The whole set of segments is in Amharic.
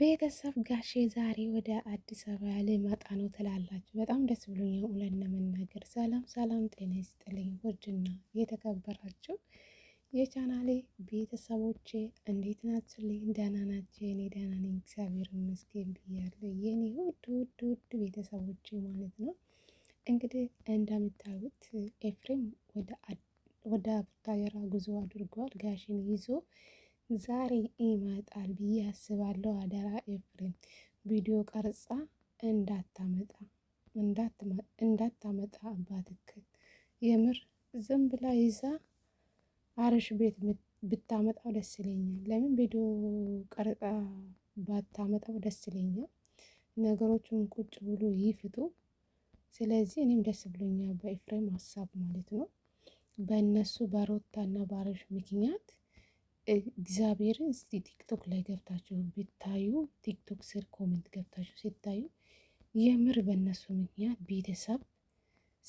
ቤተሰብ ጋሼ ዛሬ ወደ አዲስ አበባ ልመጣ ነው ትላላችሁ። በጣም ደስ ብሎኛል እውነት ለመናገር። ሰላም ሰላም፣ ጤና ይስጥልኝ ውድና የተከበራችሁ የቻናሌ ቤተሰቦቼ እንዴት ናችሁልኝ? ደህና ናቸው? የኔ ደህና ነኝ እግዚአብሔር ይመስገን ብያለሁ። የኔ ውድ ውድ ውድ ቤተሰቦቼ ማለት ነው። እንግዲህ እንደምታዩት ኤፍሬም ወደ ቡታየራ ጉዞ አድርጓል ጋሽን ይዞ ዛሬ ይመጣል ብዬ አስባለሁ። አደራ ኤፍሬም ቪዲዮ ቀርጻ እንዳታመጣ እንዳታመጣ አባትክ የምር ዝም ብላ ይዛ አርሽ ቤት ብታመጣው ደስ ይለኛል። ለምን ቪዲዮ ቀርጻ ባታመጣው ደስ ይለኛል። ነገሮቹን ቁጭ ብሎ ይፍቱ። ስለዚህ እኔም ደስ ብሎኛል በኤፍሬም ሀሳብ ማለት ነው። በእነሱ በሮታና በአርሽ ምክንያት እግዚአብሔርን እስቲ ቲክቶክ ላይ ገብታችሁ ብታዩ ቲክቶክ ስር ኮሜንት ገብታችሁ ሲታዩ የምር በእነሱ ምክንያት ቤተሰብ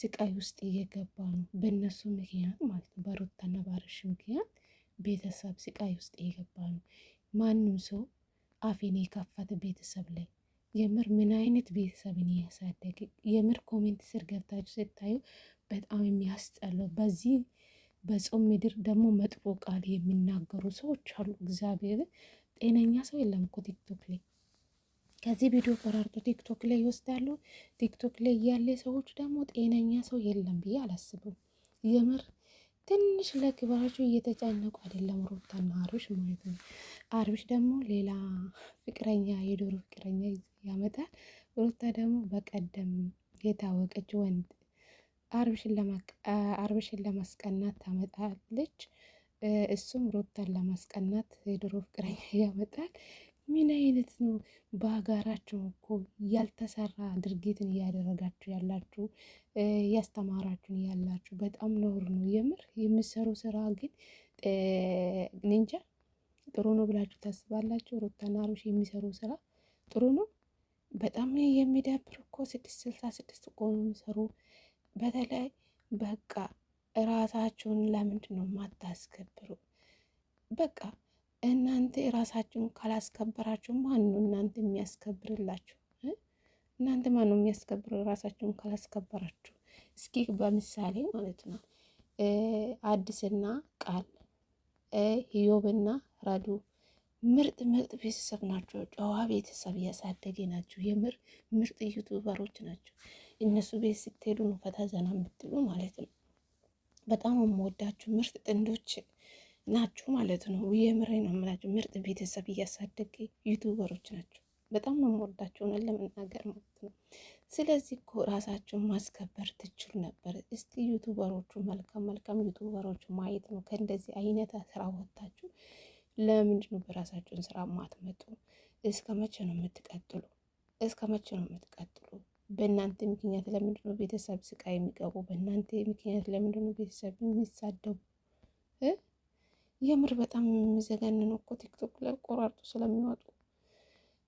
ስቃይ ውስጥ እየገባ ነው። በእነሱ ምክንያት ማለት ነው፣ በሩታና ባብርሽ ምክንያት ቤተሰብ ስቃይ ውስጥ እየገባ ነው። ማንም ሰው አፌን የከፈተ ቤተሰብ ላይ የምር ምን አይነት ቤተሰብን እያሳደገ የምር ኮሜንት ስር ገብታችሁ ስታዩ በጣም የሚያስጠላው በዚህ በጾም ምድር ደግሞ መጥፎ ቃል የሚናገሩ ሰዎች አሉ። እግዚአብሔር ጤነኛ ሰው የለም እኮ ቲክቶክ ላይ ከዚህ ቪዲዮ ቆራርጦ ቲክቶክ ላይ ይወስዳሉ። ቲክቶክ ላይ ያለ ሰዎች ደግሞ ጤነኛ ሰው የለም ብዬ አላስብም። የምር ትንሽ ለክብራቸው እየተጨነቁ አይደለም ሩታና አብርሽ ማለት ነው። አብርሽ ደግሞ ሌላ ፍቅረኛ የዶሮ ፍቅረኛ ያመጣል። ሩታ ደግሞ በቀደም የታወቀች ወንድ አብርሽን ለማስቀናት ታመጣለች። እሱም ሩታን ለማስቀናት የድሮ ፍቅረኛ ያመጣል። ምን አይነት ነው? በሀገራችሁ እኮ ያልተሰራ ድርጊትን እያደረጋችሁ ያላችሁ እያስተማራችሁን ያላችሁ በጣም ነውር ነው። የምር የምሰሩ ስራ ግን እንጃ ጥሩ ነው ብላችሁ ታስባላችሁ? ሩታና አብርሽ የሚሰሩ ስራ ጥሩ ነው። በጣም የሚደብር እኮ ስድስት ስልሳ ስድስት እኮ ነው የሚሰሩ በተለይ በቃ እራሳችሁን ለምንድን ነው ማታስከብሩ? በቃ እናንተ እራሳችሁን ካላስከበራችሁ ማን ነው እናንተ የሚያስከብርላችሁ? እናንተ ማን ነው የሚያስከብሩ? እራሳችሁን ካላስከበራችሁ እስኪ በምሳሌ ማለት ነው አዲስና ቃል ህዮብና ረዱ ምርጥ ምርጥ ቤተሰብ ናቸው። ጨዋ ቤተሰብ እያሳደገ ናቸው። የምር ምርጥ ዩቱበሮች ናቸው። እነሱ ቤት ስትሄዱ ነው ፈታ ዘና የምትሉ ማለት ነው። በጣም የምወዳችሁ ምርጥ ጥንዶች ናችሁ ማለት ነው። የምሬ ነው የምላችሁ። ምርጥ ቤተሰብ እያሳደገ ዩቱበሮች ናቸው። በጣም ነው የምወዳችሁ ለመናገር ማለት ነው። ስለዚህ እኮ ራሳችሁን ማስከበር ትችሉ ነበር። እስቲ ዩቱበሮቹ መልካም መልካም ዩቱበሮቹ ማየት ነው። ከእንደዚህ አይነት ስራ ወጥታችሁ ለምንድን ነው በራሳችሁን ስራ ማትመጡ? እስከ መቼ ነው የምትቀጥሉ? እስከ መቼ ነው የምትቀጥሉ? በእናንተ ምክንያት ለምንድን ነው ቤተሰብ ስቃይ የሚገቡ? በእናንተ ምክንያት ለምንድን ነው ቤተሰብ የሚሳደቡ? የምር በጣም የሚዘገንን እኮ ቲክቶክ ላይ ቆራርጡ ስለሚወጡ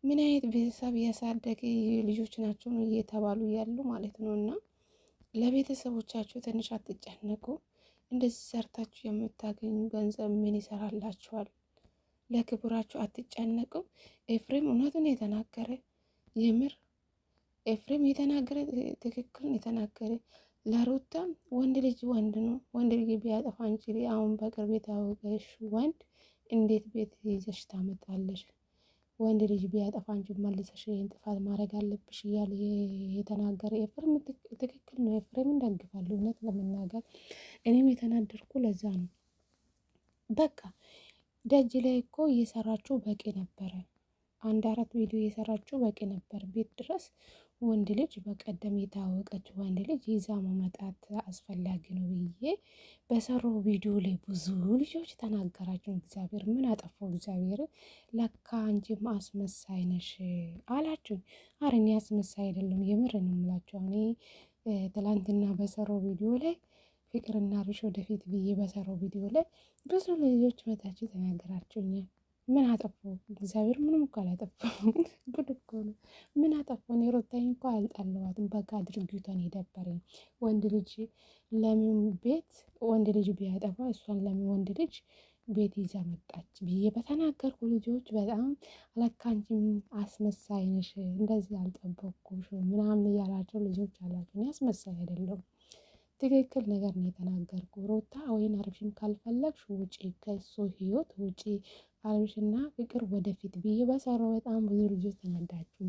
ምን አይነት ቤተሰብ እያሳደገ ልጆች ናቸው እየተባሉ ያሉ ማለት ነው። እና ለቤተሰቦቻችሁ ትንሽ አትጨነቁ። እንደዚህ ሰርታችሁ የምታገኙ ገንዘብ ምን ይሰራላችኋል? ለክብራችሁ አትጨነቁም። ኤፍሬም እውነቱን የተናገረ የምር ኤፍሬም የተናገረ ትክክል የተናገረ ለሩታ ወንድ ልጅ ወንድ ነው። ወንድ ልጅ ቢያጠፋ አንቺ አሁን በቅርብ የታወቀሽ ወንድ እንዴት ቤት ይዘሽ ታመጣለሽ? ወንድ ልጅ ቢያጠፋ አንቺ መልሰሽ ይህን ጥፋት ማድረግ አለብሽ እያለ የተናገረ ኤፍሬም ትክክል ነው። ኤፍሬም እንደግፋለሁ። እውነት ለመናገር እኔም የተናደርኩ ለዛ ነው። በቃ ደጅ ላይ እኮ እየሰራችሁ በቂ ነበረ። አንድ አራት ቪዲዮ እየሰራችሁ በቂ ነበር ቤት ድረስ ወንድ ልጅ በቀደም የታወቀች ወንድ ልጅ ይዛ መመጣት አስፈላጊ ነው ብዬ በሰራው ቪዲዮ ላይ ብዙ ልጆች ተናገራችሁ። እግዚአብሔር ምን አጠፋው? እግዚአብሔር ለካ አንቺም አስመሳይ ነሽ አላችሁ። አረ እኔ አስመሳይ አይደለም፣ የምር ነው የምላችሁ። እኔ ትላንትና በሰራው ቪዲዮ ላይ ፍቅርና አብርሽ ወደፊት ብዬ በሰራው ቪዲዮ ላይ ብዙ ልጆች መታችሁ ተናገራችሁኛል። ምን አጠፉ? እግዚአብሔር ምንም እኮ አላጠፋም። ጉድ እኮ ነው። ምን አጠፉ? እኔ ሩታዬ እንኳ አልጠለዋትም። በቃ ድርጊቷን የደበረኝ ወንድ ልጅ ለምን ቤት ወንድ ልጅ ቢያጠፋ እሷን ለምን ወንድ ልጅ ቤት ይዛ መጣች ብዬ በተናገርኩ ልጆች በጣም አለካንቺም አስመሳይ ነሽ፣ እንደዚህ አልጠበኩሽ ምናምን እያላቸው ልጆች አላቸው። እኔ አስመሳይ አይደለሁም። ትክክል ነገር ነው የተናገርኩ። ሩታ ወይን አብርሽን ካልፈለግሽ ውጪ፣ ከሱ ህይወት ውጪ፣ አብርሽና ፍቅር ወደፊት ብዬ በሰራው በጣም ብዙ ልጆች ተመዳችሁ።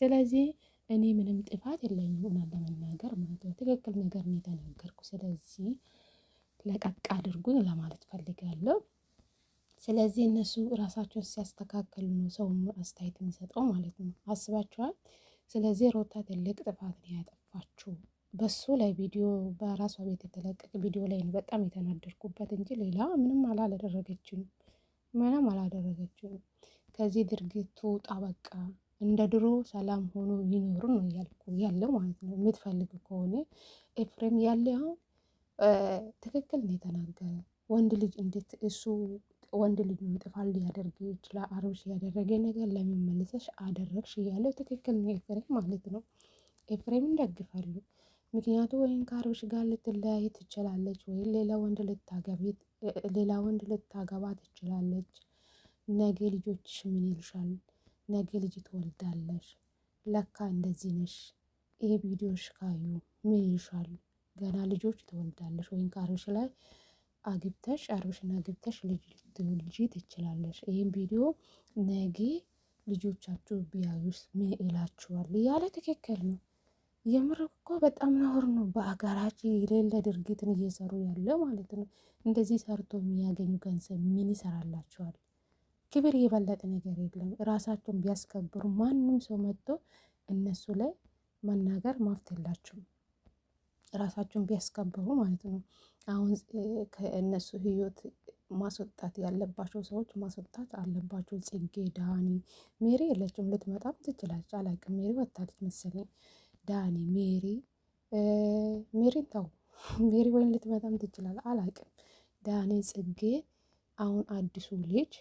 ስለዚህ እኔ ምንም ጥፋት የለኝም እውነት ለመናገር ማለት ነው። ትክክል ነገር ነው የተናገርኩ። ስለዚህ ለቀቅ አድርጉኝ ለማለት ፈልጋለሁ። ስለዚህ እነሱ ራሳቸውን ሲያስተካከሉ ነው ሰው አስተያየት የሚሰጠው ማለት ነው። አስባችኋል። ስለዚህ ሩታ ትልቅ ጥፋት ነው ያጠፋችሁ። በሱ ላይ ቪዲዮ በራሷ ቤት የተለቀቀ ቪዲዮ ላይ ነው በጣም የተናደድኩበት እንጂ ሌላ ምንም አላደረገችም፣ ምንም አላደረገችም። ከዚህ ድርጊቱ ውጣ በቃ እንደ ድሮ ሰላም ሆኖ ይኖሩ ነው እያልኩ ያለ ማለት ነው። የምትፈልግ ከሆነ ኤፍሬም ያለ አሁን ትክክል ነው የተናገረ። ወንድ ልጅ እንዴት እሱ ወንድ ልጅ ምጥፋል ሊያደርግ ይችላል። አብርሽ ያደረገ ነገር ለምን መልሰሽ አደረግሽ እያለ ትክክል ነው ኤፍሬም ማለት ነው። ኤፍሬም ደግፋሉ። ምክንያቱ ወይም ከአብርሽ ጋር ልትለያይ ትችላለች፣ ወይም ሌላ ወንድ ሌላ ወንድ ልታገባ ትችላለች። ነገ ልጆችሽ ምን ይልሻል? ነገ ልጅ ትወልዳለሽ። ለካ እንደዚህ ነሽ። ይሄ ቪዲዮሽ ካዩ ምን ይልሻል? ገና ልጆች ትወልዳለሽ፣ ወይም ከአብርሽ ላይ አግብተሽ አብርሽን አግብተሽ ልጅ ልትወልጂ ትችላለሽ። ይህም ቪዲዮ ነገ ልጆቻችሁ ቢያዩስ ምን ይላችኋል? እያለ ትክክል ነው። የምር እኮ በጣም ነውር ነው። በአገራችን የሌለ ድርጊትን እየሰሩ ያለ ማለት ነው። እንደዚህ ሰርቶ የሚያገኙ ገንዘብ ምን ይሰራላቸዋል? ክብር የበለጠ ነገር የለም። ራሳቸውን ቢያስከብሩ ማንም ሰው መጥቶ እነሱ ላይ መናገር ማፍት የላቸውም። ራሳቸውን ቢያስከብሩ ማለት ነው። አሁን ከእነሱ ህይወት ማስወጣት ያለባቸው ሰዎች ማስወጣት አለባቸው። ጽጌ፣ ዳኒ፣ ሜሪ የለችም። ልትመጣም ትችላለች። አላቅም። ሜሪ ወታለች መሰለኝ ዳኒ ሜሪ ሜሪ ተው ሜሪ ወይም ልትመጣም ትችላል፣ አላቅም። ዳኒ ጽጌ፣ አሁን አዲሱ ልጅ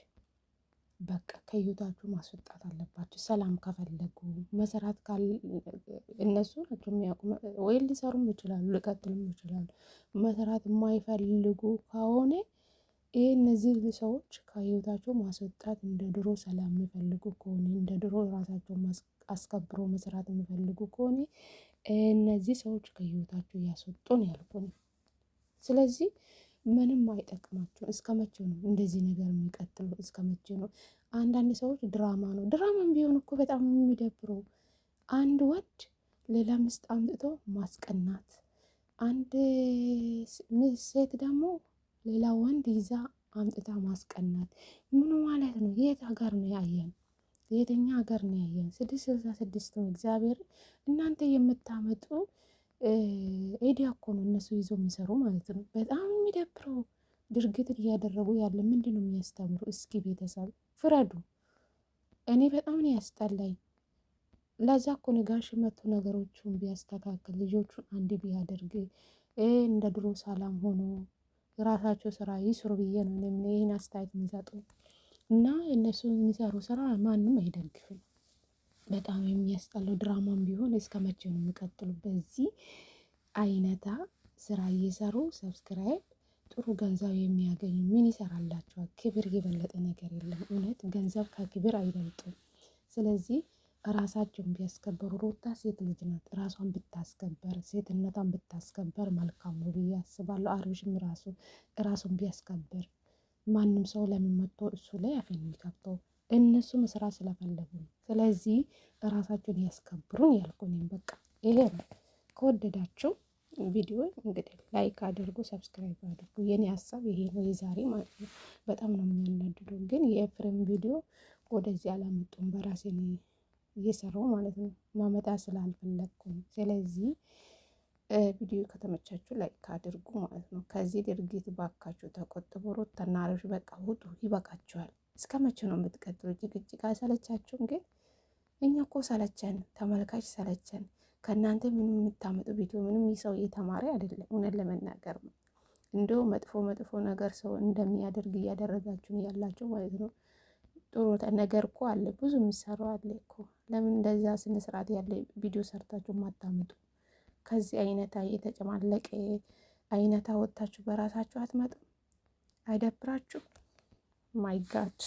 በቃ ከህይወታችሁ ማስወጣት አለባችሁ። ሰላም ከፈለጉ መሰራት እነሱ ናቸው የሚያውቁ። ወይ ሊሰሩም ይችላሉ፣ ሊቀጥሉም ይችላሉ። መሰራት የማይፈልጉ ከሆነ ይህ እነዚህ ሰዎች ከህይወታቸው ማስወጣት እንደ ድሮ ሰላም የሚፈልጉ ከሆነ እንደ ድሮ ራሳቸውን አስከብሮ መስራት የሚፈልጉ ከሆነ እነዚህ ሰዎች ከህይወታቸው እያስወጡን ያልኩን። ስለዚህ ምንም አይጠቅማቸውም እስከ መቼ ነው እንደዚህ ነገር የሚቀጥለው? እስከ መቼ ነው? አንዳንድ ሰዎች ድራማ ነው። ድራማም ቢሆን እኮ በጣም የሚደብረው አንድ ወንድ ሌላ ሚስት አምጥቶ ማስቀናት፣ አንድ ሴት ደግሞ ሌላ ወንድ ይዛ አምጥታ ማስቀናት ምኑ ማለት ነው? የት ሀገር ነው ያየን? የትኛ ሀገር ነው ያየን? ስድስት ስልሳ ስድስት ነው። እግዚአብሔር እናንተ የምታመጡ ኤዲያ እኮ ነው እነሱ ይዞ የሚሰሩ ማለት ነው። በጣም የሚደብረው ድርጊት እያደረጉ ያለ ምንድን ነው የሚያስተምሩ? እስኪ ቤተሰብ ፍረዱ። እኔ በጣም ነው ያስጠላኝ። ለዛ እኮ ነው መቶ ነገሮቹን ቢያስተካክል ልጆቹን አንድ ቢያደርግ እንደ ድሮ ሰላም ሆኖ የራሳቸው ስራ ይስሩ ብዬ ነው ይህን አስተያየት የሚሰጡ እና እነሱ የሚሰሩ ስራ ማንም አይደግፍም። በጣም የሚያስጠላው ድራማም ቢሆን እስከ መቼ ነው የሚቀጥሉ? በዚህ አይነታ ስራ እየሰሩ ሰብስክራይብ ጥሩ ገንዘብ የሚያገኙ ምን ይሰራላቸዋል? ክብር የበለጠ ነገር የለም። እውነት ገንዘብ ከክብር አይበልጥም። ስለዚህ ራሳቸውን ቢያስከበሩ ሩታ ሴት ልጅ ናት። ራሷን ብታስከበር ሴትነቷን ብታስከበር መልካም ነው ብዬ አስባለሁ። አብርሽም ራሱ ራሱን ቢያስከብር ማንም ሰው ለምን መጥቶ እሱ ላይ አፌን የሚከፍተው እነሱ መስራት ስለፈለጉ ነው። ስለዚህ ራሳቸውን ያስከብሩን ያልኩኝም በቃ ይሄ ነው። ከወደዳቸው ቪዲዮ እንግዲህ ላይክ አድርጉ፣ ሰብስክራይብ አድርጉ። የኔ ሀሳብ ይሄ ነው የዛሬ ማለት ነው። በጣም ነው የሚያናድዱ ግን የኤፍሬም ቪዲዮ ወደዚህ አላመጡም በራሴ ነው እየሰራው ማለት ነው ማመጣ ስላልፈለግኩኝ። ስለዚህ ቪዲዮ ከተመቻችሁ ላይክ አድርጉ ማለት ነው። ከዚህ ድርጊት ባካችሁ ተቆጥቦ ሩታና አብርሽ በቃ ውጡ፣ ይበቃችኋል። እስከ መቼ ነው የምትቀጥሉ ጭቅጭቅ? አይሰለቻችሁም? ግን እኛ እኮ ሰለቸን፣ ተመልካች ሰለቸን። ከእናንተ ምንም የምታመጡ ቪዲዮ ምንም ይሰው የተማሪ አይደለም። እውነት ለመናገር ነው እንዲሁ መጥፎ መጥፎ ነገር ሰው እንደሚያደርግ እያደረጋችሁ ያላችሁ ማለት ነው። ጥሩ ነገር እኮ አለ፣ ብዙ የሚሰሩ አለ እኮ። ለምን እንደዛ ስነ ስርዓት ያለ ቪዲዮ ሰርታችሁ ማታመጡ? ከዚህ አይነት የተጨማለቀ አይነት አወጥታችሁ በራሳችሁ አትመጡም? አይደብራችሁ? ጋድ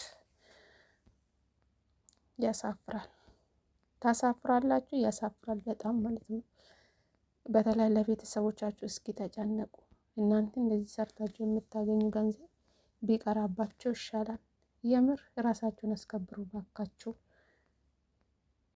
ያሳፍራል። ታሳፍራላችሁ፣ ያሳፍራል በጣም ማለት ነው። በተለይ ለቤተሰቦቻችሁ እስኪ ተጨነቁ። እናንተ እንደዚህ ሰርታችሁ የምታገኙ ገንዘብ ቢቀራባቸው ይሻላል። የምር ራሳችሁን አስከብሩ ባካችሁ።